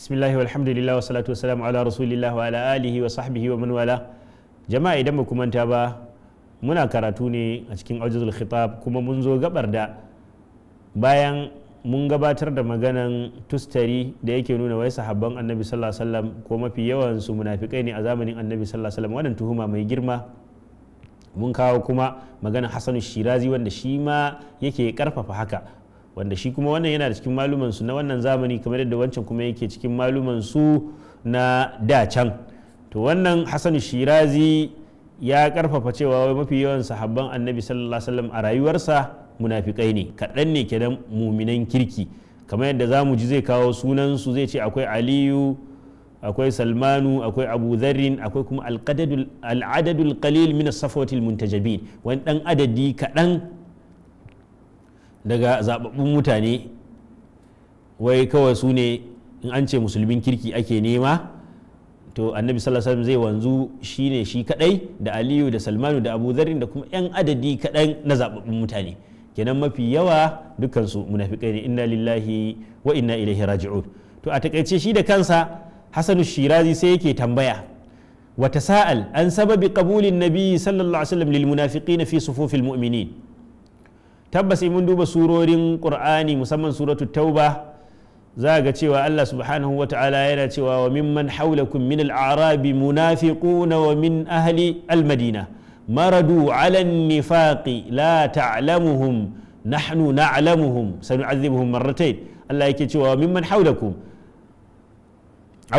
bismillahi walhamdulillah wa salatu wasalamu ala rasulillah wa ala alihi wa sahbihi wa man wala jama'a idan ba manta ba muna karatu ne a cikin aujizul khitab kuma mun zo gabar da bayan mun gabatar da maganan tustari da yake nuna wai sahabban annabi sallallahu alaihi wasallam ko mafi yawan su munafikai ne a zamanin annabi sallallahu alaihi wasallam wannan tuhuma mai girma mun kawo kuma maganan hasanu shirazi wanda shi ma yake karfafa haka wanda shi kuma wannan yana da cikin maluman su na wannan zamani kamar yadda wancan kuma yake cikin maluman su na da can to wannan hasan shirazi ya karfafa cewa wai mafi yawan sahabban annabi sallallahu alaihi wasallam a rayuwarsa munafikai ne kaɗan ne kenan muminan kirki kamar yadda za mu ji zai kawo sunansu zai ce akwai aliyu akwai salmanu akwai abu zarrin akwai kuma al'adadul qalil min as al muntajabin wani dan adadi kaɗan daga zababbun mutane wai kawai su ne in an ce musulmin kirki ake nema to annabi sallallahu zai wanzu shi ne shi kadai da aliyu da salmanu da abu da kuma yan adadi kadan na zababbun mutane kenan mafi yawa dukansu munafikai ne inna lillahi wa inna ilaihi raji'un to a takaice shi da kansa hasanu shirazi sai yake tambaya wata sa'al an sababi qabulin nabi sallallahu alaihi wasallam lil munafiqina fi sufufil mu'minin tabbas mun duba surorin qur'ani musamman suratu tauba za ga cewa Allah subhanahu wa ta'ala yana cewa wa mimman haulakum min al-arabi munafiquna wa min ahli al-madina maradu ala nifaqi la ta'lamuhum nahnu na'lamuhum sanu'adhibuhum marratayn Allah yake cewa wa mimman haulakum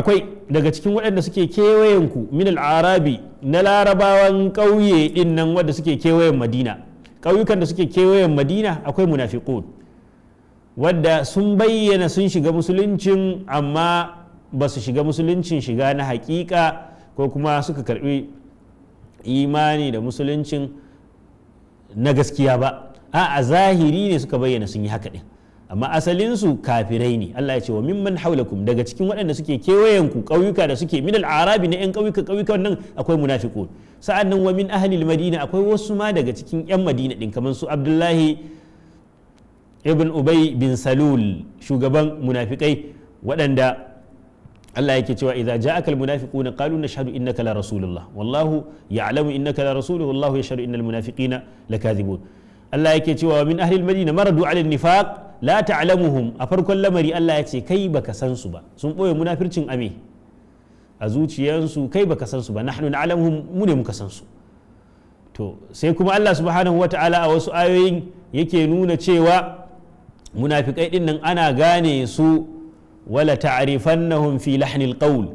akwai daga cikin waɗanda suke kewayenku min al-arabi na larabawan ƙauye ɗinnan nan wanda suke kewayen madina ƙauyukan da suke kewayen madina akwai munafiqun wadda sun bayyana sun shiga musuluncin amma ba su shiga musuluncin shiga na haƙiƙa ko kuma suka karbi imani da musuluncin na gaskiya ba a a zahiri ne suka bayyana sun yi haka ɗin amma asalinsu kafirai ne Allah ya ce wa mimman haulakum daga cikin waɗanda suke kewayen ku ƙauyuka da suke minal arabi na 'yan ƙauyuka ƙauyuka nan akwai munafiqun sa'an nan wa min ahlil madina akwai wasu ma daga cikin 'yan madina din kamar su abdullahi ibn ubay bin salul shugaban munafikai waɗanda Allah yake cewa idza ja'aka almunafiquna qalu nashhadu innaka la rasulullah wallahu ya'lamu innaka la rasuluhu wallahu yashhadu innal munafiqina lakadhibun Allah yake cewa min ahli madina maradu 'ala an-nifaq la ta'lamuhum a farkon lamari Allah ya ce kai baka san su ba sun boye munafircin ame a zuciyansu kai baka san su ba nahnu na'lamuhum mu ne muka san su to sai kuma Allah subhanahu wata'ala a wasu ayoyin yake nuna cewa munafikai din nan ana gane su wala ta'rifannahum fi lahnil alqawl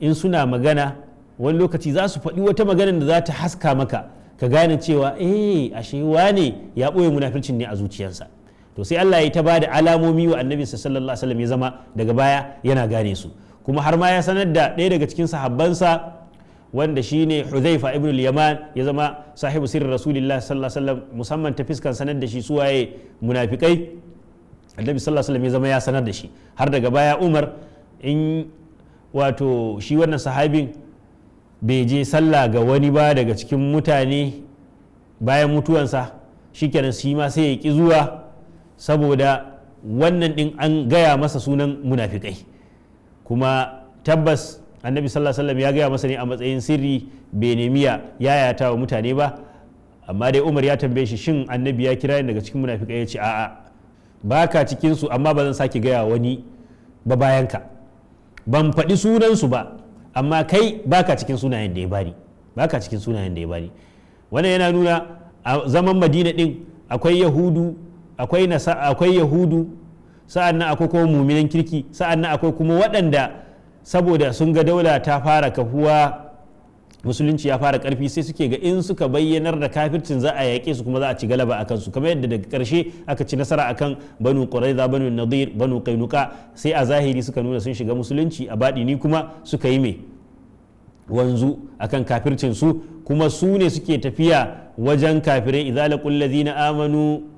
in suna magana wani lokaci za su faɗi wata magana da za ta haska maka ka gane cewa eh ashe wane ya ɓoye munafircin ne a zuciyarsa to sai Allah ya ta bada alamomi wa annabi sallallahu alaihi wasallam ya zama daga baya yana gane su kuma har ma ya sanar da ɗaya daga cikin sahabbansa wanda shine huzaifa ibn al-Yaman ya zama sahibu sirrin rasulillah sallallahu alaihi wasallam musamman ta fiskan sanar da shi waye munafikai Annabi sallallahu alaihi wasallam ya zama ya sanar da shi har daga baya Umar in wato shi wannan sahabin bai je sallah ga wani ba daga cikin mutane bayan mutuwansa shikenan shi ma sai ya ki zuwa saboda wannan din an gaya masa sunan munafikai kuma tabbas annabi sallallahu alaihi wasallam ya gaya masa ne a matsayin sirri bai nemi ya yayata wa mutane ba amma dai umar ya tambaye shi shin annabi ya kira daga cikin munafika ya ce a'a baka cikin su amma ba zan sake gaya wani ba bayan ka ban faɗi sunan su ba amma kai baka cikin sunayen da ya bani baka cikin sunayen da ya bani wannan yana nuna a zaman madina din akwai yahudu akwai nasa akwai yahudu sa'an nan akwai kuma muminan kirki sa'an nan akwai kuma waɗanda saboda sun ga daula ta fara kafuwa musulunci ya fara karfi sai suke ga in suka bayyanar da kafircin za a yaƙe su kuma za a ci galaba a kansu kamar yadda daga ƙarshe aka ci nasara akan banu quraiza banu nadir banu kainuka sai a zahiri suka nuna sun shiga musulunci a baɗi ni kuma suka yi mai wanzu akan kafircin su kuma su ne suke tafiya wajen kafirai idza laqul ladina amanu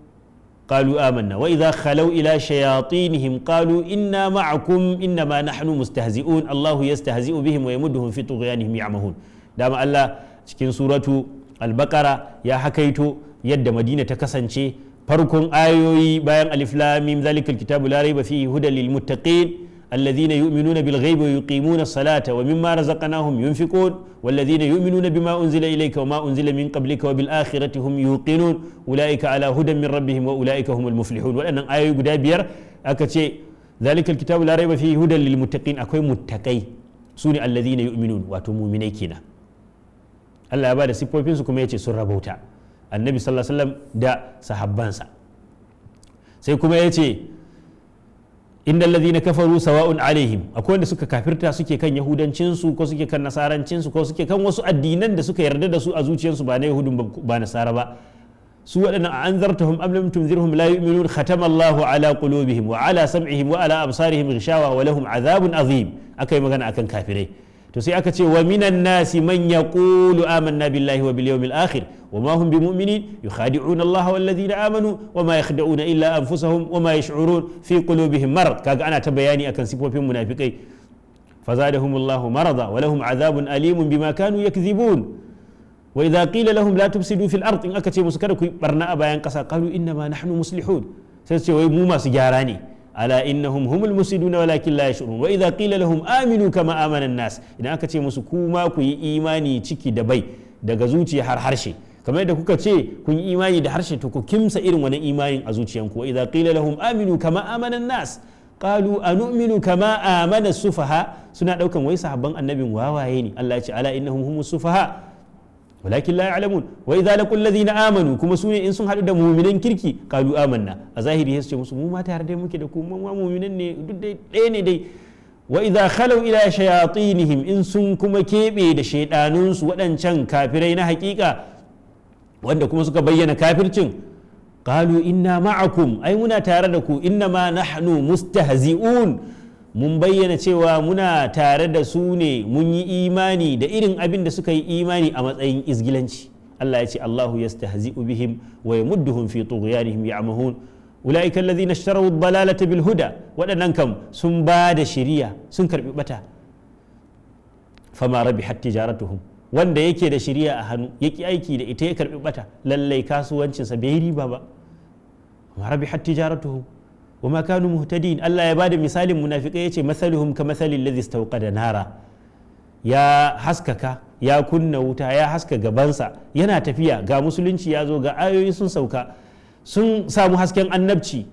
قالوا آمنا وإذا خلوا إلى شياطينهم قالوا إنا معكم إنما نحن مستهزئون الله يستهزئ بهم ويمدهم في طغيانهم يعمهون دام الله cikin suratu albakara ya hakaito yadda madina ta kasance farkon ayoyi bayan alif lamim zalikal kitabu la raiba fihi hudan lil muttaqin الذين يؤمنون بالغيب ويقيمون الصلاة ومما رزقناهم ينفقون والذين يؤمنون بما أنزل إليك وما أنزل من قبلك وبالآخرة هم يوقنون أولئك على هدى من ربهم وأولئك هم المفلحون وأن آية قدابير أكتشي ذلك الكتاب لا ريب فيه هدى للمتقين أكوي متقي سوني الذين يؤمنون واتمؤمنين كنا الله أبدا سيبوبين سكم يتي سورة بوتا النبي صلى الله عليه وسلم دا صحبانسا سيكم يتي inda na kafaru sawa'un alaihim akwai wanda suka kafirta suke kan yahudancinsu ko suke kan nasarancinsu ko suke kan wasu addinan da suka yarda da su a zuciyarsu ba na yahudun ba nasara ba su waɗannan an zartahum am lam tunzirhum la yu'minun khatama ala qulubihim wa ala sam'ihim wa ala absarihim ghishawa wa lahum azabun azim akai magana akan kafirai to sai aka ce wa minan nasi man yaqulu amanna billahi wa bil yawmil akhir wa ma hum bimu'minin yukhadi'una Allah wal ladina amanu wa ma yakhda'una illa anfusahum wa ma yash'urun fi qulubihim marad kaga ana ta bayani akan sifofin munafikai فزادهم الله مرضا ولهم عذاب أليم بما كانوا يكذبون وإذا قيل لهم لا تفسدوا في الأرض إن أكتي مسكرك برناء بيان قصا قالوا إنما نحن مصلحون سيسي ويمو ما سجاراني ala innahum humul musiduna walakin la yashurun wa idza qila lahum aminu kama amana nas idan aka ce musu kuma ku yi imani ciki da bai daga zuciya har harshe kamar yadda kuka ce kun yi imani da harshe to ku kimsa irin wani imanin a zuciyanku wa idza qila lahum aminu kama amana nas qalu anu'minu kama amana sufaha suna daukan wai sahabban annabin wawaye ne Allah ya ce ala innahum humus sufaha walakin la ya'lamun wa idza laqul ladina amanu kuma sune in sun hadu da mu'minan kirki kalu amanna a zahiri sai musu mu ma tare da muke da ku mu ma mu'minan ne duk dai ɗaya ne dai wa idza ila shayatinihim in sun kuma keɓe da shaidanun waɗancan kafirai na hakika wanda kuma suka bayyana kafircin qalu inna ma'akum ai muna tare da ku inna ma nahnu mustahzi'un mun bayyana cewa muna tare da su ne mun yi imani da irin abin da suka yi imani a matsayin izgilanci Allah ya ce Allahu yastahzi'u bihim wa yamudduhum fi tughyanihim ya'mahun ulaika alladhina ishtaraw ad-dalalata bil huda waɗannan kam sun ba da shiriya sun karbi bata fama rabihat tijaratuhum wanda yake da shiriya a hannu yaki aiki da ita ya karbi bata lallai kasuwancinsa bai riba ba ma rabihat tijaratuhum wa ma kanu muhtadin Allah ya bada misalin munafikai yace masaluhum ka masalil ladhi da nara ya haskaka ya kunna wuta ya haska gabansa yana tafiya ga musulunci ya zo ga ayoyi sun sauka sun samu hasken annabci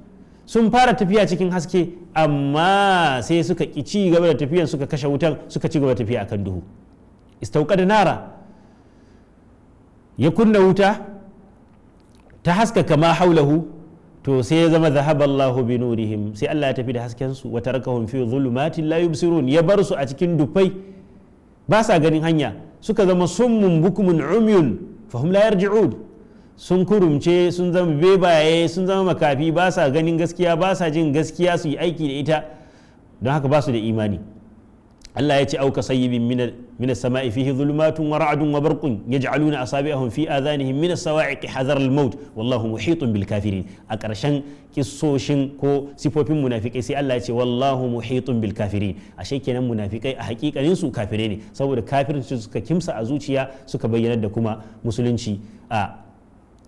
sun fara tafiya cikin haske amma sai suka ki ci gaba da tafiyan suka kashe wutan suka ci gaba da tafiya akan duhu istauqada nara ya kunna wuta ta haskaka ma haulahu to sai ya zama zahaballahu Allahu bi nurihim sai Allah ya tafi da hasken su wa tarakahum fi zulumatin la yubsirun ya bar su a cikin dufai ba sa ganin hanya suka zama summun bukumun umyun fahum la yarji'un sun kurumce sun zama bebaye sun zama makafi ba sa ganin gaskiya ba sa jin gaskiya su yi aiki da ita don haka ba su da imani Allah ya ce auka sayyibin min as-sama'i fihi dhulumatun wa ra'dun wa barqun yaj'aluna asabi'ahum fi adhanihim min as-sawa'iq hadar al-maut wallahu muhitun bil kafirin a ƙarshen kissoshin ko sifofin munafikai sai Allah ya ce wallahu muhitun bil kafirin ashe kenan munafikai a hakikanin su kafire ne saboda kafirci suka kimsa a zuciya suka bayyana da kuma musulunci a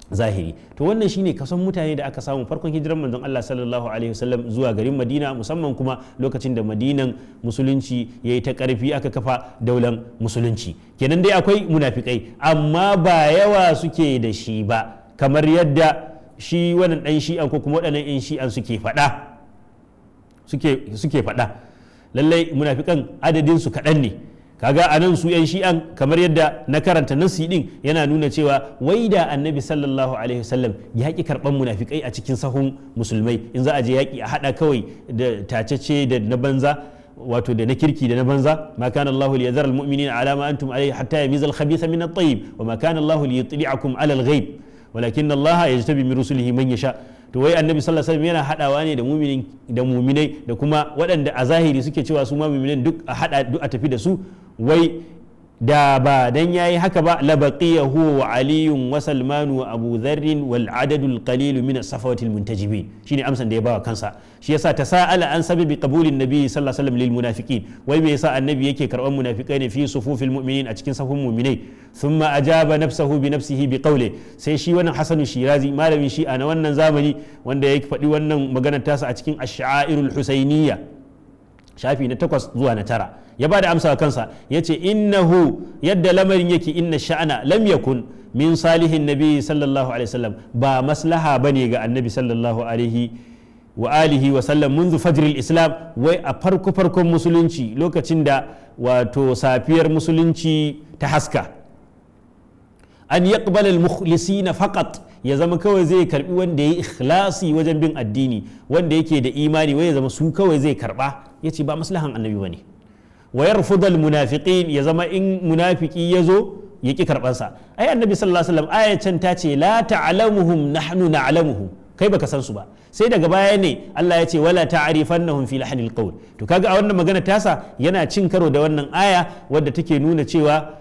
zahiri to wannan shine kasan mutane da aka samu farkon hijirar manzon Allah sallallahu alaihi wasallam zuwa garin Madina musamman kuma lokacin da Madinan musulunci yayi ta karfi aka kafa daular musulunci kenan dai akwai munafikai amma ba yawa suke da shi ba kamar yadda shi wannan dan shi'an ko kuma wanan yan shi'an suke faɗa suke suke faɗa lallai munafikan adadin su kaɗan ne kaga a nan su yan shi'an kamar yadda na karanta nasi din yana nuna cewa wai da annabi sallallahu alaihi wasallam ya ki karban munafikai a cikin sahun musulmai in za a je yaki a hada kawai da tacece da na banza wato da na kirki da na banza ma kana Allahu li yazara almu'minina ala ma antum alayhi hatta yamiza al-khabitha min at-tayyib wa ma kana Allahu li yutli'akum ala al-ghaib walakin Allah yajtabi min rusulihi man yasha to wai annabi sallallahu alaihi wasallam yana hadawa ne da muminin da muminai da kuma waɗanda a zahiri suke cewa su ma muminan duk a hada duk a tafi da su wai da ba dan yayi haka ba la baqiya huwa wa aliyun wa salmanu wa abu dharrin wal adadul qalil min safawatil muntajibin shine amsan da ya bawa kansa shi yasa tasa'ala an sababi qabulin nabi sallallahu alaihi wasallam lil munafiqin wai me yasa annabi yake karban munafikai ne fi sufufil mu'minin a cikin safun mu'minai thumma ajaba nafsahu bi nafsihi bi qawli sai shi wannan hasanu shirazi malamin shi a na wannan zamani wanda ya faɗi wannan maganar tasa a cikin ash-sha'irul husainiyya shafi na takwas zuwa na tara ya ba da amsa kansa ya ce innahu yadda lamarin yake inna sha'ana lam yakun min salihin nabi sallallahu alaihi wasallam ba maslaha bane ga annabi sallallahu alaihi wa alihi wa sallam منذ fajr islam wai a farko farkon musulunci lokacin da wato safiyar musulunci ta haska an yaqbal al mukhlisin faqat ya zama kawai zai karbi wanda yayi ikhlasi wajen bin addini wanda yake da imani wai ya zama su kawai zai karba yace ba maslahan annabi bane wayar fudal munafikin ya zama in munafiki ya zo ya ki karbansa ai annabi sallallahu alaihi wasallam ayatan ta ce la ta'lamuhum nahnu na'lamuhum kai baka san su ba sai daga baya ne Allah ya ce wala ta'rifannahum fi lahnil qawl to kaga a wannan magana tasa yana cin karo da wannan aya wadda take nuna cewa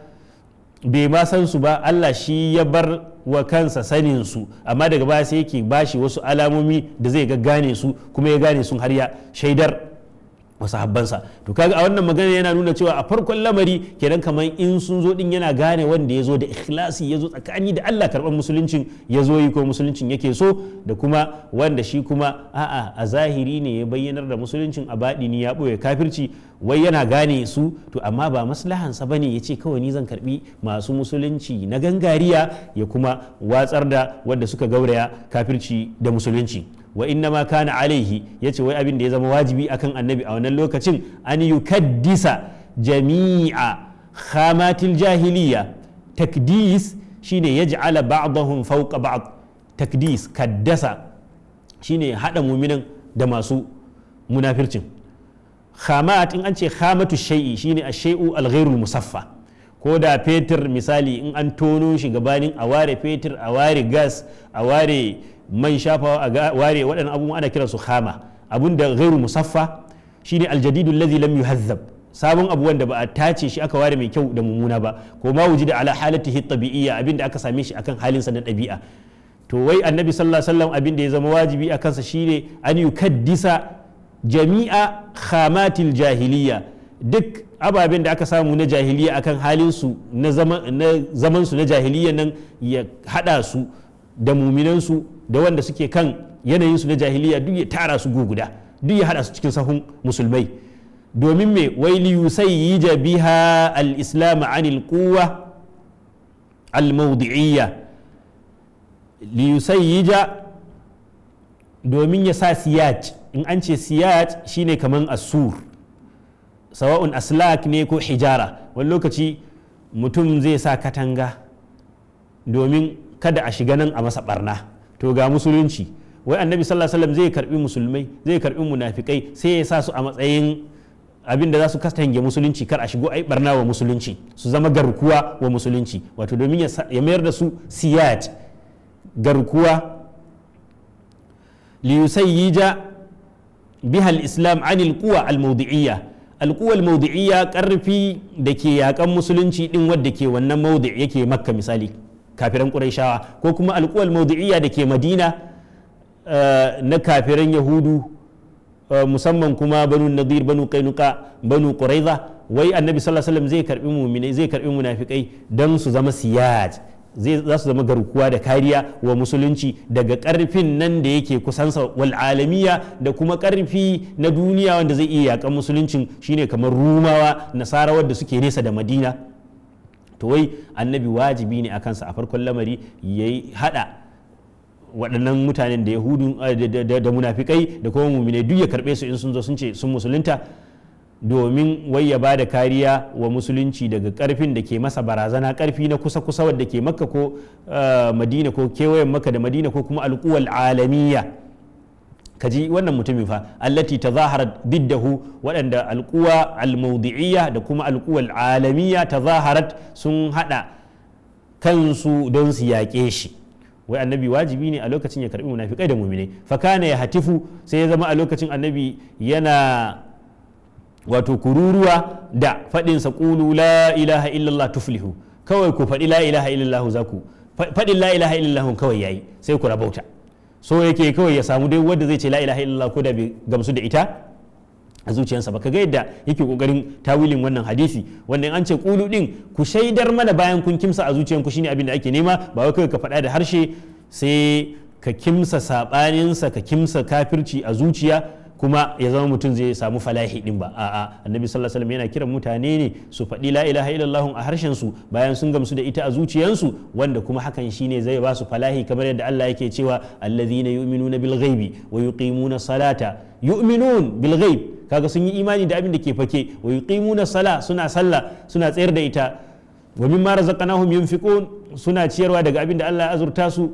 bai ma san su ba Allah shi ya bar wa kansa sanin su amma daga baya sai yake bashi wasu alamomi da zai gaggane su kuma ya gane sun har ya shaidar masahabbansa to kaga a wannan magana yana nuna cewa a farkon lamari kenan kamar in sun zo din yana gane wanda ya zo da ikhlasi ya zo tsakani da Allah karban musuluncin ya zo yi ko musuluncin yake so da kuma wanda shi kuma a'a a zahiri ne ya bayyanar da musuluncin a ni ya ɓoye kafirci wai yana gane su to amma ba maslahansa ba ne ya ce kawai ni zan karbi masu musulunci na gangariya ya kuma watsar da wadda suka gauraya kafirci da musulunci wa inna ma kana alaihi ya ce wai abin da ya zama wajibi akan annabi a wannan lokacin an yukaddisa jami'a khamatil jahiliya takdis shine ya yaj'ala ba'dahum fawqa ba'd takdis kaddasa shine hada muminan da masu munafircin khamat in an ce khamatu shay'i shine a shai'u al musaffa ko da fetur misali in an tono shi gabanin a ware fetur a ware gas a ware man shafawa a ware waɗannan abubuwan ana kiransu khama abun da ghairu musaffa shine aljadidu allazi lam yuhazzab sabon abu wanda ba a tace shi aka ware mai kyau da mummuna ba ko ma wujida ala halatihi tabi'iyya abin da aka same shi akan halin sa na ɗabi'a to wai annabi sallallahu alaihi wasallam abin da ya zama wajibi a kansa shine an yukaddisa jami'a khamatil jahiliya duk ababen da aka samu na jahiliya akan halin su na zamansu na jahiliya nan ya hada su da muminansu da wanda suke kan yanayin su na jahiliya duk ya tara su guguda duk ya hada su cikin sahun musulmai domin me waili yusayyija biha al-islam anil quwwa al-mawdi'iyya liyusayyija domin ya sa siyaj in an ce siyat shine kamar asur sawa'un aslak ne ko hijara wani lokaci mutum zai sa katanga domin kada a shiga nan a masa barna to ga musulunci wai annabi sallallahu alaihi wasallam zai karbi musulmai zai karbi munafikai sai ya sa su a matsayin abin da za su kastange musulunci kar a shigo ai barna wa musulunci su zama garkuwa wa musulunci wato domin ya mayar da su siyat garkuwa yusayyija bihal islam anil quwa al-mawdi'iyya al-quwa al karfi da ke yakan musulunci din wadda ke wannan mawdi' yake maka misali kafiran quraishawa ko kuma alkuwar quwa al da ke madina na kafiran yahudu musamman kuma banu nadir banu kainuka banu quraiza wai annabi sallallahu zai karbi mu'minai munafikai dan su zama siyaj za su zama garkuwa da kariya wa musulunci daga karfin nan da yake kusansa wal alamiya da kuma karfi na duniya wanda zai iya yakan musuluncin shine kamar rumawa nasara wadda suke nesa da madina to wai annabi wajibi ne a kansa a farkon lamari ya hada waɗannan mutanen da yahudu da munafikai da kuma mumine duk ya karɓe su in sun zo sun ce sun musulunta domin wai ya ba da kariya wa musulunci daga karfin da ke masa barazana karfi na kusa-kusa wadda ke makka ko eh, madina ko kewayen makka da madina ko kuma alkuwal alamiya kaji wannan mutumin fa allati ta zahara biddahu waɗanda alkuwa almaudi'iyya da kuma alkuwal alamiya ta sun haɗa kansu don su yaƙe shi wai annabi wajibi ne a lokacin ya karbi munafikai da muminai fakana ya hatifu sai ya zama a lokacin annabi yana wato kururuwa da sa qulu la ilaha illallah tuflihu kawai ku faɗi la ilaha illallah za ku faɗin la ilaha illallah kawai yayi sai ku rabauta so yake kawai ya samu dai wanda zai ce la ilaha illallah ko da bai gamsu da ita a zuciyarsa ba kaga yadda yake kokarin tawilin wannan hadisi wanda an ce kulu din ku shaidar mana bayan kun kimsa a zuciyarku shine abin da ake nema ba wai kawai ka faɗa da harshe sai ka kimsa sabaninsa ka kimsa kafirci a zuciya kuma ya zama mutum zai samu falahi din ba a'a annabi sallallahu alaihi yana kiran mutane ne su faɗi la ilaha illallah a harshen su bayan sun gamsu da ita a zuciyansu wanda kuma hakan shine zai ba su falahi kamar yadda Allah yake cewa allazina yu'minuna bil ghaibi wa yuqimuna salata yu'minun bil ghaib kaga sun yi imani da abin da ke fake wa yuqimuna sala suna sallah suna tsayar da ita wa mimma razaqnahum yunfiqun suna ciyarwa daga abin da Allah ya azurta su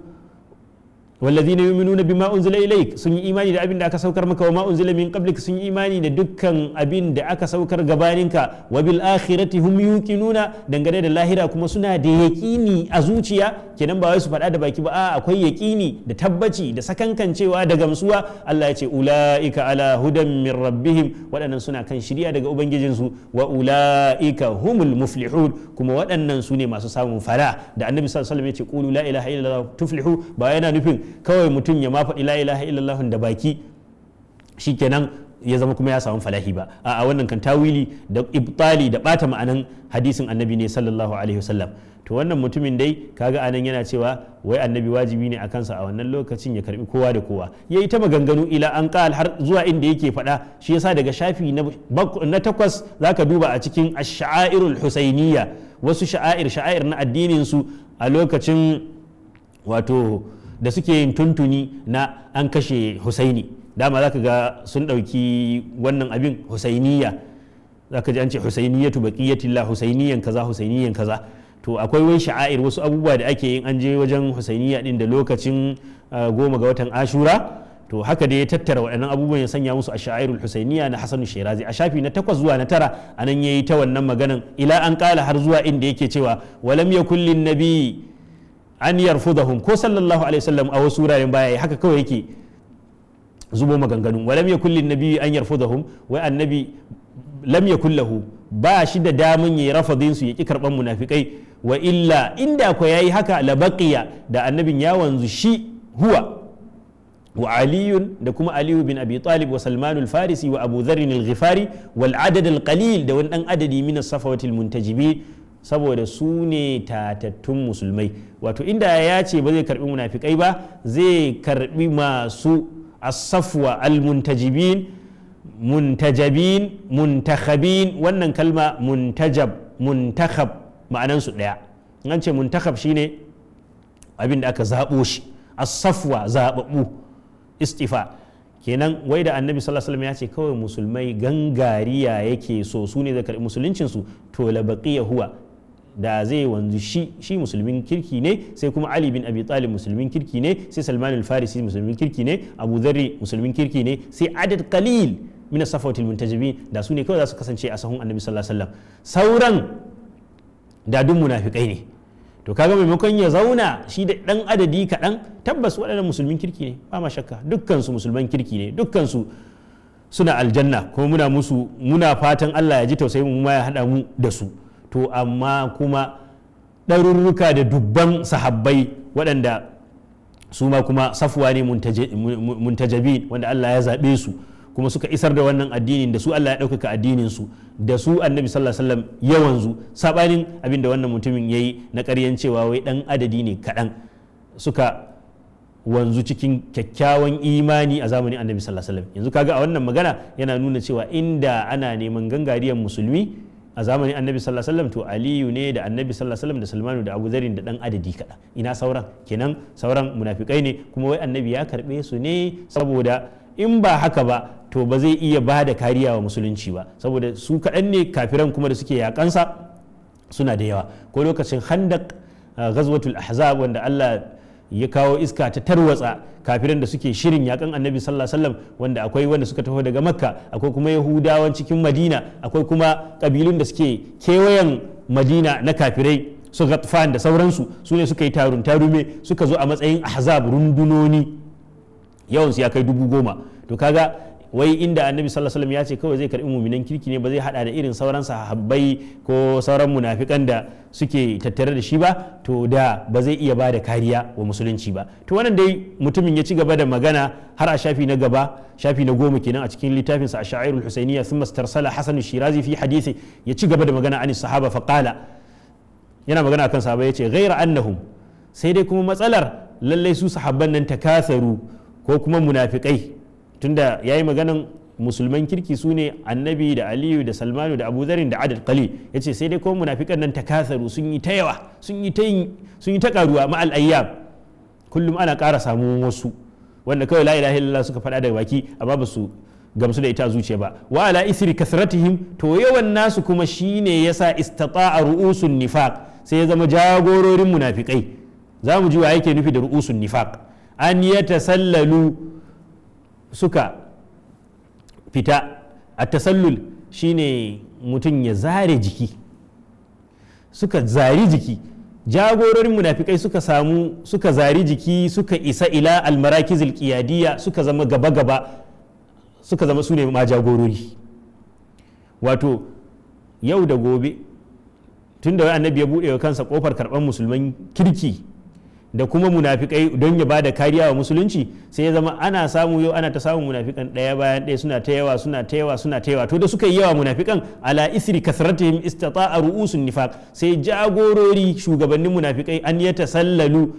والذين يؤمنون بما انزل sun yi imani da abin da aka saukar maka وما انزل من sun yi imani da dukkan abin da aka saukar gabaninka وبالاخره هم nuna dangane da lahira kuma suna da yaƙini a zuciya kenan ba wai su fada da baki ba akwai yaqini da tabbaci da sakankan cewa da gamsuwa Allah ya ce ulaika ala hudan min rabbihim wadannan suna kan shiriya daga ubangijin su wa ulaika humul muflihun kuma waɗannan su ne masu samun fala da annabi sallallahu alaihi wasallam ya ce qulu la ilaha tuflihu ba yana nufin kawai mutum ya ma faɗi la ilaha illallah da baki shikenan ya zama kuma ya samu falahi ba a wannan kan tawili da ibtali da bata ma'anan hadisin annabi ne sallallahu alaihi wasallam to wannan mutumin dai kaga anan yana cewa wai annabi wajibi ne a kansa a wannan lokacin ya karbi kowa da kowa yayi yi ta maganganu ila an qal har zuwa inda yake faɗa shi yasa daga shafi na takwas zaka duba a cikin ash-sha'airul husainiyya wasu sha'air sha'air na addinin su a lokacin wato da suke yin tuntuni na an kashe husaini dama za ka ga sun ɗauki wannan abin husainiya za ka ji an ce husainiyatu baqiyatillah husainiyan kaza husainiyan kaza to akwai wani sha'air wasu abubuwa da ake yin an je wajen husainiya din da lokacin ah, goma ga watan ashura to haka da ya tattara waɗannan abubuwan ya sanya musu a sha'airul husainiya na hasanu shirazi a shafi na takwas zuwa na tara ya yi ta wannan maganan ila an ƙala har zuwa inda yake cewa walam yakullin na nabi an yarfudahum ko sallallahu alaihi wasallam a wasu wuraren baya haka kawai yake zubo maganganu walam yakul lin nabi an yarfudahum wai annabi lam yakul ba shi da damun yayi rafadin su ki karban munafikai wa illa inda ko yayi haka la baqiya da annabin ya wanzu shi huwa wa aliyun da kuma aliyu bin abi talib wa salman al-farisi wa abu dharr al-ghifari wal adad al-qalil da wani dan adadi min as-safawatil muntajibi saboda su ne tatattun musulmai wato inda ya ce ba zai karbi munafikai ba zai karbi masu asafwa almuntajibin muntajabin muntakhabin wannan kalma muntajab muntakhab ma'anansu ɗaya an ce muntakhab shine abin da aka zaɓo shi asafwa zaɓaɓɓu istifa kenan wai da annabi sallallahu alaihi ya ce kawai musulmai gangariya yake so su ne zai karbi musuluncin su to la huwa da zai wanzu shi shi musulmin kirki ne sai kuma ali bin abi talib musulmin kirki ne sai salman al-farisi musulmin kirki ne abu dharri musulmin kirki ne sai adad qalil min safatil muntajibin da su ne kawai za su kasance a sahun annabi sallallahu alaihi wasallam sauran da dun munafikai ne to kaga maimakon ya zauna shi da dan adadi kaɗan tabbas waɗannan musulmin kirki ne ba ma shakka dukkan su musulman kirki ne dukkan su suna aljanna kuma muna musu muna fatan Allah ya ji tausayin mu ma ya haɗa mu da su to amma kuma ɗarurruka da dubban sahabbai waɗanda su ma kuma safuwa ne muntajabi wanda Allah ya zaɓe su kuma suka isar da wannan addinin da su Allah ya ɗaukaka addinin su da su annabi sallallahu alaihi wasallam yawan zu sabanin abin da wannan mutumin yayi na ƙaryan cewa wai dan adadi ne kaɗan suka wanzu cikin kyakkyawan imani a zamanin annabi sallallahu alaihi wasallam yanzu kaga a wannan magana yana nuna cewa inda ana neman gangariyar musulmi a zamanin annabi sallallahu alaihi wasallam to aliyu ne da annabi sallallahu alaihi wasallam da salmanu da abu zarin da dan adadi kaɗan ina sauran kenan sauran munafikai ne kuma wai annabi ya karɓe su ne saboda in ba haka ba to ba zai iya ba da kariya wa musulunci ba saboda su kaɗan ne kafiran kuma da suke yakansa suna da yawa ko lokacin handak ghazwatul ahzab wanda Allah. ya kawo iska ta tarwatsa kafirin da suke shirin yakan annabi sallallahu alaihi wasallam wanda akwai wanda suka taho daga makka akwai kuma yahudawan cikin madina akwai kuma kabilun da suke kewayen madina na kafirai su gatfan da sauransu su ne suka yi tarun tarume suka zo a matsayin ahzab rundunoni yawansu ya kai dubu goma to kaga wai inda annabi sallallahu alaihi ya ce kawai zai karbi muminan kirki ne ba zai hada da irin sauran sahabbai ko sauran munafikan da suke tattare da shi ba to da ba zai iya ba da kariya wa musulunci ba to wannan dai mutumin ya ci gaba da magana har a shafi na gaba shafi na goma kenan a cikin littafin sa ash'airul husainiyya thumma istarsala hasan shirazi fi hadisi ya ci gaba da magana anis sahaba fa qala yana magana akan sahaba yace ghaira annahum sai dai kuma matsalar lallai su sahabban nan takatharu ko kuma munafikai tunda ya yi maganan musulman kirki su ne annabi da aliyu da salmanu da abuzarin da adad ya ce sai dai kuma munafikan nan takasaru sun yi ta yawa sun yi ta karuwa ma'al ayyam kullum ana ƙara samu wasu wanda kawai la ilaha illallah suka faɗa daga baki amma ba su gamsu da ita zuciya ba wa ala isri kasratihim to yawan nasu kuma shine yasa istata'a ru'usun nifaq sai ya zama jagororin munafikai za mu ji wa yake nufi da ru'usun nifaq an yatasallalu suka fita a tasallul shine mutum ya zare jiki suka zari jiki jagororin munafikai suka samu suka zari jiki suka isa ila almarakizil qiyadiyya suka zama gaba-gaba suka zama su ma jagorori wato yau da gobe tun da annabi ya buɗe wa kansa kofar karɓar musulman kirki da kuma munafikai don ya bada kariya wa musulunci sai ya zama ana samu yau ana ta samun munafikan ɗaya bayan ɗaya suna ta yawa suna ta yawa suna ta yawa to da suka yi yawa munafikan ala isri kasratihim istata'a ru'usun nifaq sai jagorori shugabannin munafikai an ya tasallalu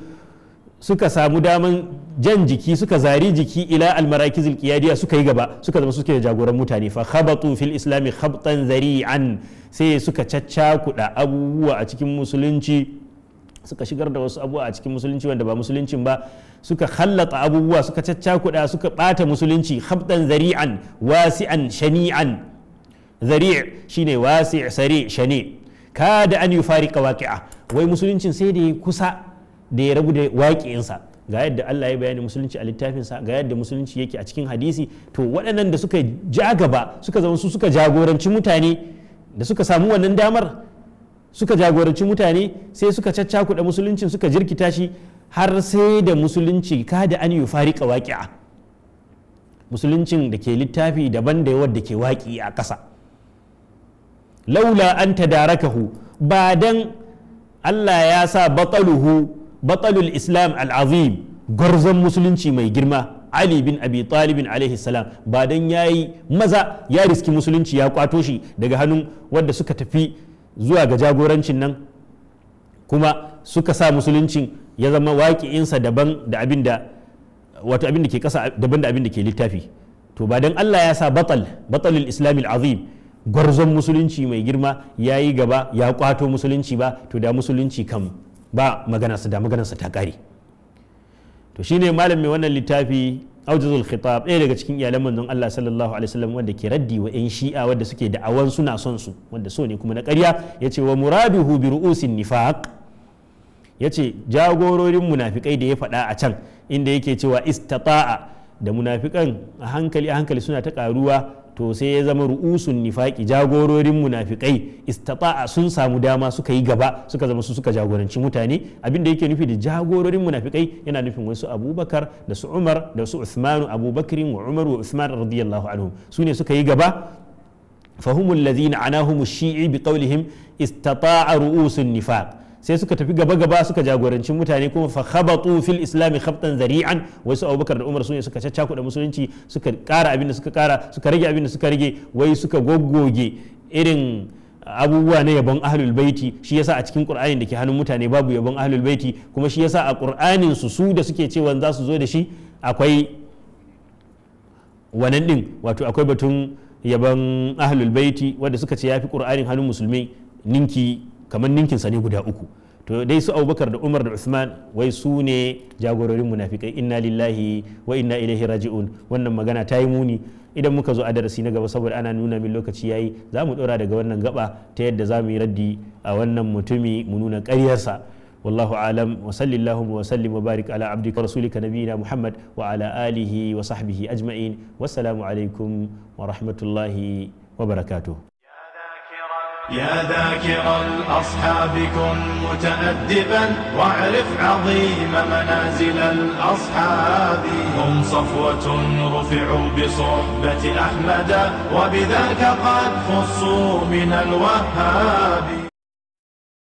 suka samu daman jan jiki suka zari jiki ila almarakizil qiyadiya suka yi gaba suka zama suke jagoran mutane fa khabatu fil islami khabtan zari'an sai suka caccakuda abubuwa a cikin musulunci suka shigar da wasu abubuwa a cikin musulunci wanda ba musuluncin ba suka hallata abubuwa suka caccakuɗa suka bata musulunci habdan zari'an wasi'an shani'an zari' shine wasi' sari' shani kada an yufariqa waqi'a wai musuluncin sai da kusa da ya rabu da waƙiyinsa ga yadda Allah ya bayani musulunci a sa ga yadda musulunci yake a cikin hadisi to waɗannan da suka ja gaba suka zama su suka jagoranci mutane da suka samu wannan damar suka jagoranci mutane sai suka caccakuɗa musuluncin suka jirkita shi har sai da musulunci kada an yi farika waƙi'a musuluncin da ke littafi daban da yawar da ke waƙi a ƙasa laula an tadarakahu ba dan Allah ya sa bataluhu batalul islam al'azim gwarzon musulunci mai girma Ali bin Abi Talibin alaihi salam ba dan yi maza ya riski musulunci ya kwato shi daga hannun wadda suka tafi zuwa ga jagorancin nan kuma suka sa musuluncin ya zama waƙi'insa daban da abin da wato abin da ke kasa daban da abin da ke littafi to ba dan Allah ya sa batal batalul islam azim gwarzon musulunci mai girma ya yi gaba ya ƙwato musulunci ba to da musulunci kam ba maganarsa da maganarsa ta kare to shine malam mai wannan littafi aujizul khitab ɗaya daga cikin iyalan manzon Allah sallallahu alaihi wasallam wanda ke raddi wa yan shi'a wanda suke awan suna son su wanda so ne kuma na ƙarya yace wa murabihu bi ru'usin nifaq yace jagororin munafikai da ya faɗa a can inda yake cewa istata'a da munafikan a hankali a hankali suna ta ƙaruwa to sai ya zama ru'usun nifaƙi jagororin munafikai istata'a sun samu dama suka yi gaba suka zama su suka jagoranci mutane abin da yake nufi da jagororin munafikai yana nufin wasu abubakar da su umar da su usmanu abubakarin wa umar wa usman radiyallahu anhu su ne suka yi gaba fahumul ladhina anahum shi'i biqaulihim istata'a ru'usun nifa. sai suka tafi gaba gaba suka jagoranci mutane kuma fa khabatu fil islami khabtan zari'an wai su Abubakar da Umar sune suka da musulunci suka kara abin da suka kara suka rage abin da suka rage wai suka goggoge irin abubuwa na yabon ahlul baiti shi yasa a cikin qur'anin da ke hannun mutane babu yabon ahlul baiti kuma shi yasa a qur'anin su su da suke cewa za su zo da shi akwai wannan din wato akwai batun yabon ahlul baiti wanda suka ce yafi qur'anin hannun musulmi ninki kamar ninkin sa ne guda uku to dai su abubakar da umar da usman wai su ne jagororin munafikai inna lillahi wa inna ilaihi raji'un wannan magana ta yi muni idan muka zo a darasi na gaba saboda ana nuna min lokaci yayi za mu dora daga wannan gaba ta yadda za mu yi raddi a wannan mutumi mu nuna ƙaryarsa wallahu alam wa sallallahu wa sallim wa barik ala abdika rasulika nabiyina muhammad wa ala alihi wa sahbihi ajma'in wassalamu alaikum wa rahmatullahi wa barakatuh يا ذاكر الأصحاب كن متأدبا واعرف عظيم منازل الأصحاب هم صفوة رفعوا بصحبة أحمد وبذاك قد خصوا من الوهاب